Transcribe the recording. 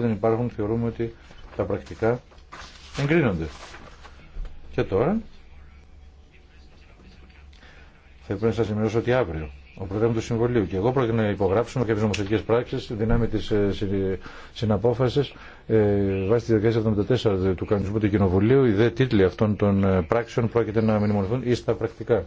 που δεν υπάρχουν θεωρούμε ότι τα πρακτικά εγκρίνονται. Και τώρα θα πρέπει να σα ενημερώσω ότι αύριο ο Προεδρεύων του Συμβουλίου και εγώ πρόκειται να υπογράψουμε κάποιε νομοθετικέ πράξει δυνάμει τη ε, συναπόφαση ε, βάσει τη διαδικασία 74 του κανονισμού του Κοινοβουλίου. Οι δε τίτλοι αυτών των ε, πράξεων πρόκειται να μνημονηθούν ή στα πρακτικά.